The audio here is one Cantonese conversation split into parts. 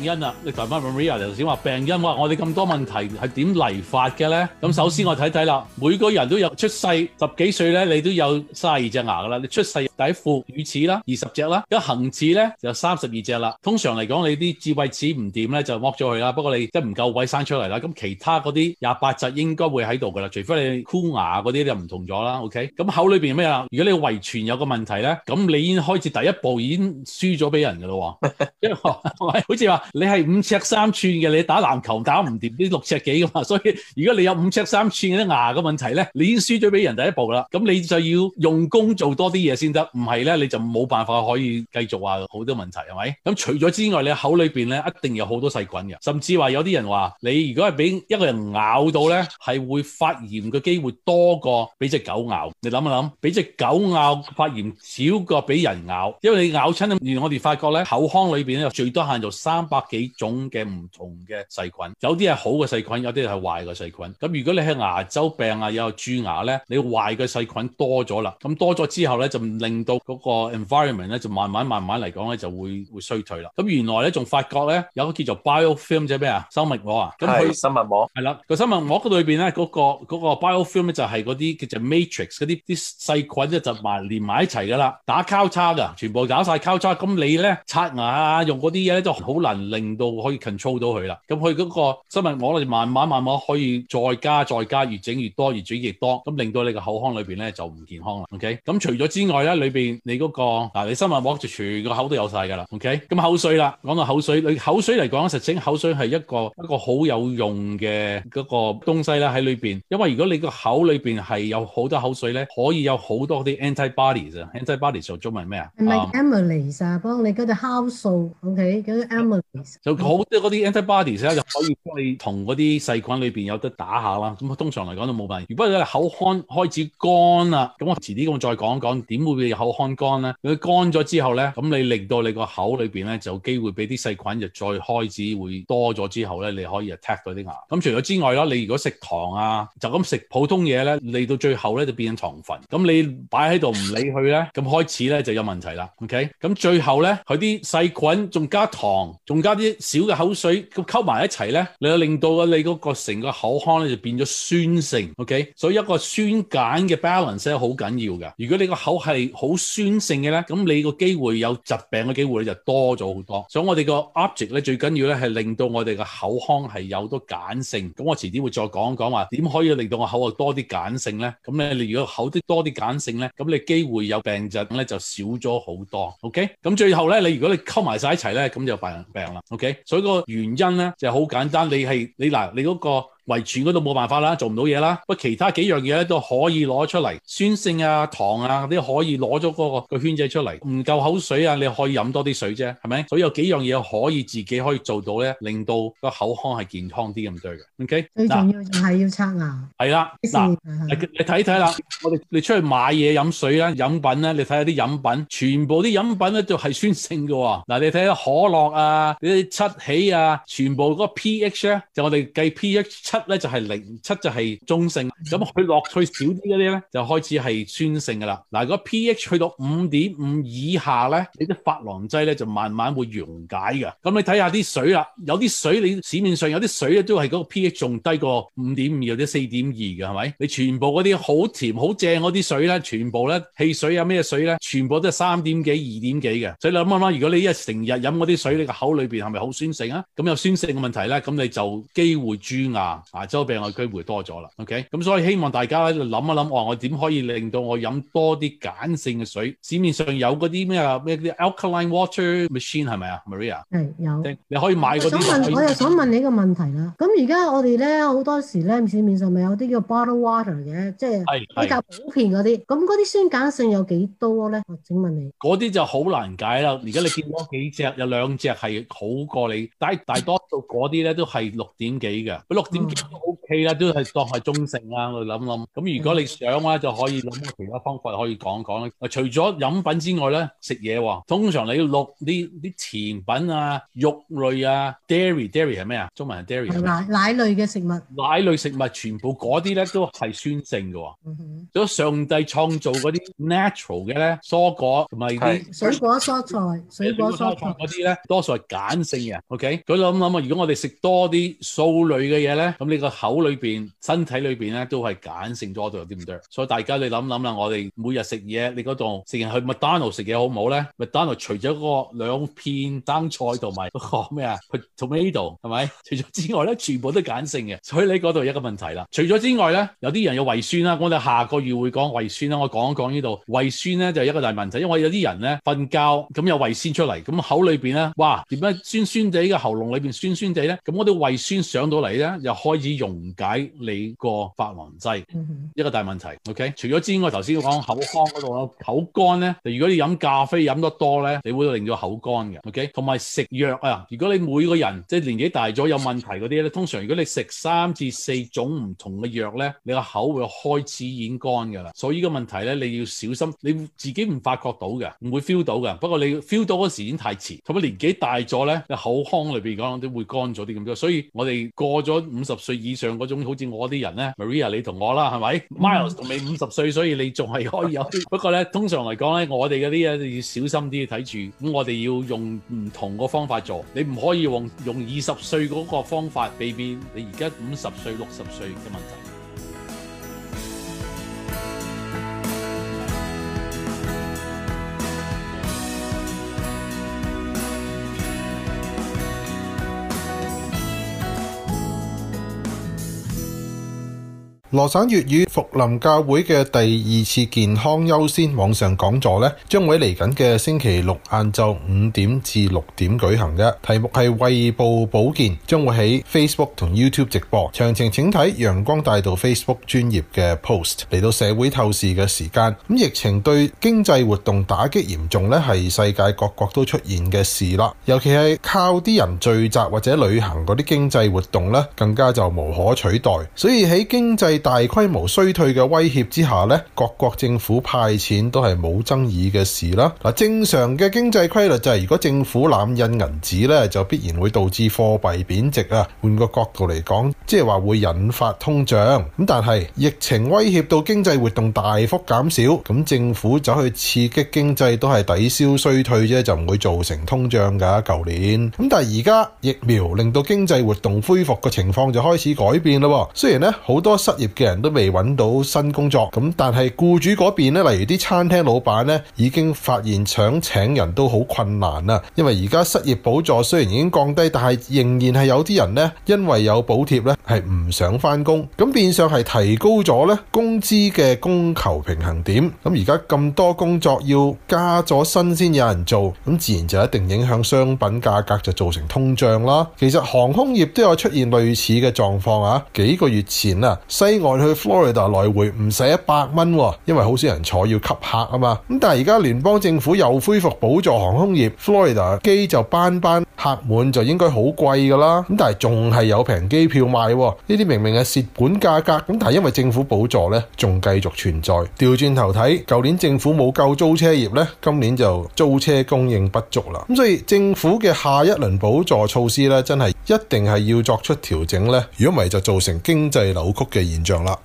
病因啦、啊，你頭先 Maria 頭先話病因，話我哋咁多問題係點嚟發嘅咧？咁首先我睇睇啦，每個人都有出世十幾歲咧，你都有卅二隻牙噶啦。你出世第一副乳齒啦，二十隻啦，咁恆齒咧就三十二隻啦。通常嚟講，你啲智慧齒唔掂咧，就剝咗佢啦。不過你即係唔夠位生出嚟啦。咁其他嗰啲廿八隻應該會喺度噶啦，除非你箍牙嗰啲就唔同咗啦。OK，咁口裏邊咩啊？如果你遺傳有個問題咧，咁你已經開始第一步已經輸咗俾人噶咯，因為 好似話。你係五尺三寸嘅，你打籃球打唔掂啲六尺幾㗎嘛？所以如果你有五尺三寸嘅啲牙嘅問題咧，你已經輸咗俾人第一步啦。咁你就要用功做多啲嘢先得，唔係咧你就冇辦法可以繼續話好多問題係咪？咁除咗之外，你口裏面咧一定有好多細菌嘅，甚至話有啲人話你如果係俾一個人咬到咧，係會發炎嘅機會多過俾隻狗咬。你諗一諗，俾隻狗咬發炎少過俾人咬，因為你咬親，而我哋發覺咧口腔裏邊咧最多限做三百。幾種嘅唔同嘅細菌，有啲係好嘅細菌，有啲係壞嘅細菌。咁如果你係牙周病啊，有蛀牙咧，你壞嘅細菌多咗啦。咁多咗之後咧，就令到嗰個 environment 咧，就慢慢慢慢嚟講咧，就會會衰退啦。咁原來咧，仲發覺咧，有個叫做 biofilm 即係咩啊？生物膜啊？咁佢生物膜係啦，個生物膜嗰度裏邊咧，嗰個嗰個 biofilm 咧就係嗰啲叫做 matrix 嗰啲啲細菌就一就埋連埋一齊噶啦，打交叉噶，全部打晒交叉。咁你咧刷牙用嗰啲嘢咧都好難。令到可以 control 到佢啦。咁佢嗰個生物膜咧，慢慢慢慢可以再加再加，越整越多越整越多，咁令到你個口腔裏面咧就唔健康啦。OK，咁除咗之外咧，裏面你嗰、那個嗱，你生物膜就全個口都有晒噶啦。OK，咁口水啦，講到口水，你口水嚟講實整口水係一個一個好有用嘅嗰個東西啦喺裏面，因為如果你個口裏面係有好多口水咧，可以有好多啲 antibodies ant、um, 啊。antibodies 做中文咩啊？係 a m e i s 你嗰酵素 OK，e、okay? m e l i e s 就好多嗰啲 antibodies 咧就可以幫你同嗰啲細菌裏面有得打下啦。咁通常嚟講都冇問題。如果你口腔開始乾啦，咁我遲啲咁再講講點會畀你口腔乾咧？佢乾咗之後咧，咁你令到你個口裏面咧就有機會俾啲細菌就再開始會多咗之後咧，你可以 attack 嗰啲牙。咁除咗之外啦，你如果食糖啊，就咁食普通嘢咧，嚟到最後咧就變咗糖分。咁你擺喺度唔理佢咧，咁開始咧就有問題啦。OK，咁最後咧佢啲細菌仲加糖仲加。加啲少嘅口水，溝埋一齊咧，你就令到啊你嗰個成個口腔咧就變咗酸性，OK？所以一個酸鹼嘅 balance 好緊要嘅。如果你個口係好酸性嘅咧，咁你個機會有疾病嘅機會咧就多咗好多。所以我哋個 object 咧最緊要咧係令到我哋個口腔係有多鹼性。咁我遲啲會再講講講話點可以令到個口啊多啲鹼性咧。咁咧你如果口啲多啲鹼性咧，咁你機會有病症咧就少咗好多。OK？咁最後咧你如果你溝埋晒一齊咧，咁就病人病啦。OK，所以個原因咧就係好簡單，你係你嗱你嗰個。遺傳嗰度冇辦法啦，做唔到嘢啦。不過其他幾樣嘢都可以攞出嚟，酸性啊、糖啊啲可以攞咗嗰個個圈仔出嚟。唔夠口水啊，你可以飲多啲水啫，係咪？所以有幾樣嘢可以自己可以做到咧，令到個口腔係健康啲咁對嘅。O、okay? K，最重要就係喃要刷牙。係啦，嗱，你睇睇啦，我哋你出去買嘢飲水啦、飲品咧，你睇下啲飲品，全部啲飲品咧就係酸性嘅喎、哦。嗱，你睇下可樂啊、啲七喜啊，全部嗰個 p H、咧、就我哋計 p H。七咧就係零七就係中性，咁佢落去少啲嗰啲咧就開始係酸性噶啦。嗱，個 pH 去到五點五以下咧，你啲琺瑯質咧就慢慢會溶解噶。咁你睇下啲水啦，有啲水你市面上有啲水咧都係嗰個 pH 仲低過五點五，或者四點二嘅，係咪？你全部嗰啲好甜好正嗰啲水咧，全部咧汽水啊咩水咧，全部都係三點幾二點幾嘅。所以你諗一諗，如果你一日成日飲嗰啲水，你個口裏邊係咪好酸性啊？咁有酸性嘅問題咧，咁你就機會蛀牙。牙周病嘅機會多咗啦，OK，咁所以希望大家喺度諗一諗、哦，我點可以令到我飲多啲鹼性嘅水？市面上有嗰啲咩咩啲 alkaline water machine 係咪啊？Maria 係有，你可以買嗰啲。我又想問你個問題啦。咁而家我哋咧好多時咧，市面上咪有啲叫 bottle water 嘅，即係比較普遍嗰啲。咁嗰啲酸鹼性有幾多咧？我請問你嗰啲就好難解啦。而家你見到幾隻有兩隻係好過你，但係大多數嗰啲咧都係六點幾嘅，六點 O K 啦，都係當係中性啦。我諗諗，咁如果你想嘅話，就可以諗下其他方法可以講講。除咗飲品之外咧，食嘢通常你要錄啲啲甜品啊、肉類啊、dairy dairy 係咩啊？中文係 dairy 係咪？奶類嘅食物。奶類食物全部嗰啲咧都係酸性嘅。嗯哼。咁上帝創造嗰啲 natural 嘅咧，蔬果同埋啲水果、蔬菜、水果、蔬菜嗰啲咧，多數係鹼性嘅。O K，咁諗諗啊，如果我哋食多啲素類嘅嘢咧。咁你個口裏邊、身體裏邊咧，都係鹼性咗，度，有啲唔對。所以大家你諗諗啦，我哋每日食嘢，你嗰度成日去麥當勞食嘢好唔好咧？麥當勞除咗個兩片生菜同埋個咩啊？Tomato 係咪？除咗之外咧，全部都係鹼性嘅，所以你嗰度一個問題啦。除咗之外咧，有啲人有胃酸啦，我哋下個月會講胃酸啦。我講一講呢度，胃酸咧就係一個大問題，因為有啲人咧瞓覺咁有胃酸出嚟，咁口裏邊咧，哇點解酸酸地嘅喉嚨裏邊酸酸地咧？咁我啲胃酸上到嚟咧，又開始溶解你個琺瑯質，嗯、哼一個大問題。OK，除咗之外，我頭先講口腔嗰度口乾咧，如果你飲咖啡飲得多咧，你會令到口乾嘅。OK，同埋食藥啊，如果你每個人即係年紀大咗有問題嗰啲咧，通常如果你食三至四種唔同嘅藥咧，你個口會開始已經乾嘅啦。所以依個問題咧，你要小心，你自己唔發覺到嘅，唔會 feel 到嘅。不過你 feel 到嗰時已經太遲，同埋年紀大咗咧，你口腔裏邊講啲會乾咗啲咁多。所以我哋過咗五十歲以上嗰種好似我啲人咧，Maria 你同我啦，係咪？Miles 同你五十歲，所以你仲係可以有。 不過咧，通常嚟講咧，我哋嗰啲嘢你要小心啲睇住。咁我哋要用唔同個方法做，你唔可以用用二十歲嗰個方法避免你而家五十歲六十歲嘅問題。羅省粵語福林教會嘅第二次健康優先網上講座咧，將會嚟緊嘅星期六晏晝五點至六點舉行嘅。題目係胃部保健，將會喺 Facebook 同 YouTube 直播。詳情請睇陽光大道 Facebook 專頁嘅 post。嚟到社會透視嘅時間，咁疫情對經濟活動打擊嚴重咧，係世界各國都出現嘅事啦。尤其係靠啲人聚集或者旅行嗰啲經濟活動咧，更加就無可取代。所以喺經濟大規模衰退嘅威脅之下咧，各國政府派錢都係冇爭議嘅事啦。嗱，正常嘅經濟規律就係如果政府濫印銀紙咧，就必然會導致貨幣貶值啊。換個角度嚟講，即係話會引發通脹，咁但係疫情威脅到經濟活動大幅減少，咁政府走去刺激經濟都係抵消衰退啫，就唔會造成通脹㗎。舊年咁，但係而家疫苗令到經濟活動恢復嘅情況就開始改變咯，雖然咧好多失業。嘅人都未揾到新工作，咁但係僱主嗰邊咧，例如啲餐廳老闆咧，已經發現想請人都好困難啦。因為而家失業補助雖然已經降低，但係仍然係有啲人咧，因為有補貼咧，係唔想翻工。咁變相係提高咗咧工資嘅供求平衡點。咁而家咁多工作要加咗薪先有人做，咁自然就一定影響商品價格，就造成通脹啦。其實航空業都有出現類似嘅狀況啊。幾個月前啊，西外去 Florida 來回唔使一百蚊，因為好少人坐，要吸客啊嘛。咁但係而家聯邦政府又恢復補助航空業，Florida 機就班班。客滿就應該好貴㗎啦，咁但係仲係有平機票賣喎，啊，呢啲明明係蝕本價格，咁但係因為政府補助呢仲繼續存在。調轉頭睇，舊年政府冇夠租車業呢，今年就租車供應不足啦，咁所以政府嘅下一輪補助措施呢，真係一定係要作出調整呢。如果唔係就造成經濟扭曲嘅現象啦。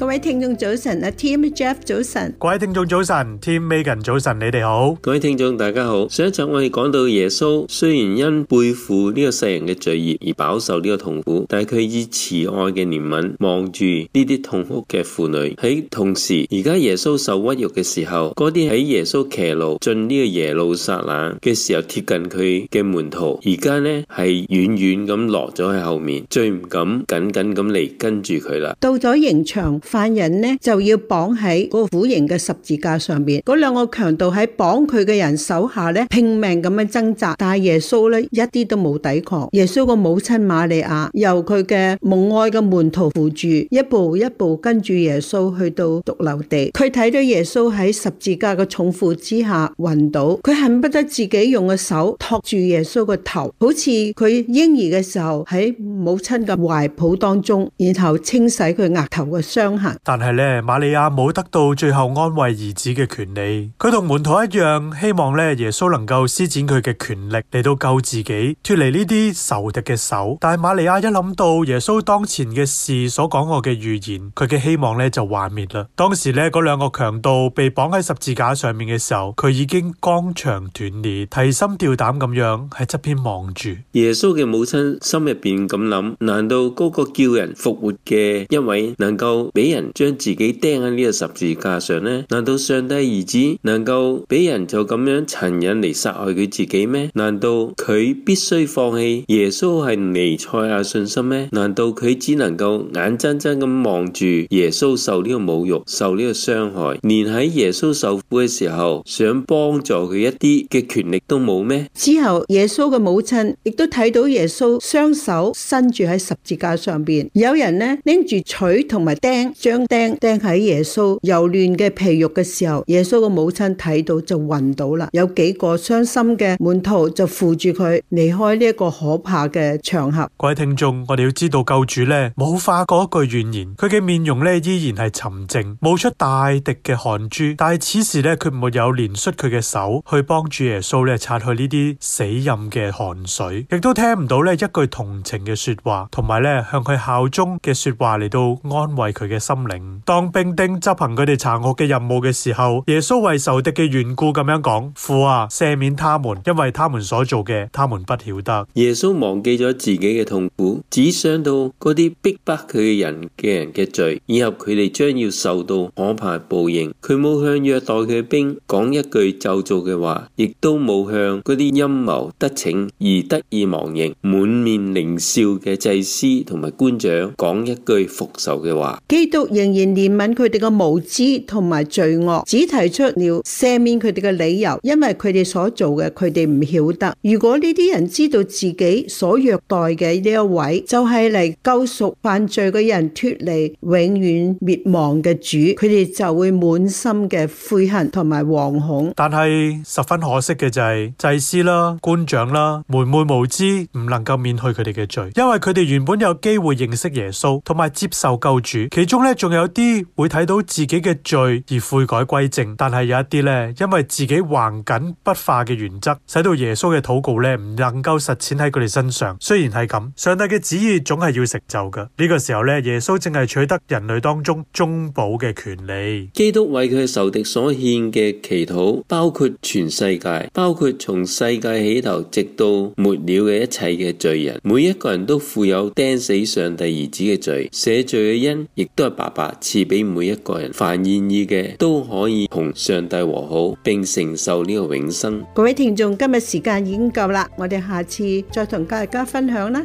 各位聽眾早晨，阿 Tim、Jeff 早晨，各位聽眾早晨，Tim、Team、Megan 早晨，你哋好，各位聽眾大家好。上一集我哋講到耶穌，雖然因背負呢個世人嘅罪孽而飽受呢個痛苦，但係佢以慈愛嘅憐憫望住呢啲痛哭嘅婦女。喺同時，而家耶穌受屈辱嘅時候，嗰啲喺耶穌騎驢進呢個耶路撒冷嘅時候貼近佢嘅門徒，而家呢係遠遠咁落咗喺後面，最唔敢緊緊咁嚟跟住佢啦。到咗刑場。犯人呢，就要綁喺個苦刑嘅十字架上面。嗰兩個強盜喺綁佢嘅人手下呢，拼命咁樣掙扎，但係耶穌呢，一啲都冇抵抗。耶穌個母親瑪利亞由佢嘅蒙愛嘅門徒扶住，一步一步跟住耶穌去到髑髏地。佢睇到耶穌喺十字架嘅重負之下暈倒，佢恨不得自己用個手托住耶穌個頭，好似佢嬰兒嘅時候喺母親嘅懷抱當中，然後清洗佢額頭嘅傷害。但係咧，瑪利亞冇得到最後安慰兒子嘅權利。佢同門徒一樣，希望咧耶穌能夠施展佢嘅權力嚟到救自己，脫離呢啲仇敵嘅手。但係瑪利亞一諗到耶穌當前嘅事，所講過嘅預言，佢嘅希望咧就幻滅啦。當時咧，嗰兩個強盜被綁喺十字架上面嘅時候，佢已經肝腸斷裂，提心吊膽咁樣喺側邊望住。耶穌嘅母親心入邊咁諗：難道嗰個叫人復活嘅一位能夠俾？人將自己釘喺呢個十字架上呢？難道上帝兒子能夠俾人就咁樣殘忍嚟殺害佢自己咩？難道佢必須放棄耶穌係尼賽亞信心咩？難道佢只能夠眼睜睜咁望住耶穌受呢個侮辱、受呢個傷害，連喺耶穌受苦嘅時候想幫助佢一啲嘅權力都冇咩？之後耶穌嘅母親亦都睇到耶穌雙手伸住喺十字架上面，有人呢拎住錘同埋釘。將釘釘喺耶穌柔嫩嘅皮肉嘅時候，耶穌嘅母親睇到就暈倒啦。有幾個傷心嘅門徒就扶住佢離開呢一個可怕嘅場合。各位聽眾，我哋要知道救主呢冇發過一句怨言，佢嘅面容呢依然係沉靜，冒出大滴嘅汗珠。但係此時呢，佢沒有連縮佢嘅手去幫助耶穌咧擦去呢啲死印嘅汗水，亦都聽唔到呢一句同情嘅說話，同埋呢向佢效忠嘅說話嚟到安慰佢嘅。心靈，當兵丁執行佢哋殘酷嘅任務嘅時候，耶穌為仇敵嘅緣故咁樣講：父啊，赦免他們，因為他們所做嘅，他們不曉得。耶穌忘記咗自己嘅痛苦，只想到嗰啲逼迫佢嘅人嘅人嘅罪，以後佢哋將要受到可怕報應。佢冇向虐待佢嘅兵講一句咒詛嘅話，亦都冇向嗰啲陰謀得逞而得意忘形、滿面獰笑嘅祭司同埋官長講一句復仇嘅話。基。仍然憐憫佢哋嘅無知同埋罪惡，只提出了赦免佢哋嘅理由，因為佢哋所做嘅佢哋唔曉得。如果呢啲人知道自己所虐待嘅呢一位就係嚟救贖犯罪嘅人脱離永遠滅亡嘅主，佢哋就會滿心嘅悔恨同埋惶恐。但係十分可惜嘅就係祭司啦、官長啦、昧昧無知，唔能夠免去佢哋嘅罪，因為佢哋原本有機會認識耶穌同埋接受救主，其中。咧仲有啲會睇到自己嘅罪而悔改歸正，但係有一啲咧，因為自己橫緊不化嘅原則，使到耶穌嘅禱告咧唔能夠實踐喺佢哋身上。雖然係咁，上帝嘅旨意總係要成就嘅。呢個時候咧，耶穌正係取得人類當中中保嘅權利。基督為佢受仇敵所獻嘅祈禱，包括全世界，包括從世界起頭直到末了嘅一切嘅罪人，每一個人都負有釘死上帝兒子嘅罪，寫罪嘅因亦都係爸爸賜俾每一個人的，凡願意嘅都可以同上帝和好，並承受呢個永生。各位聽眾，今日時間已經夠啦，我哋下次再同大家分享啦。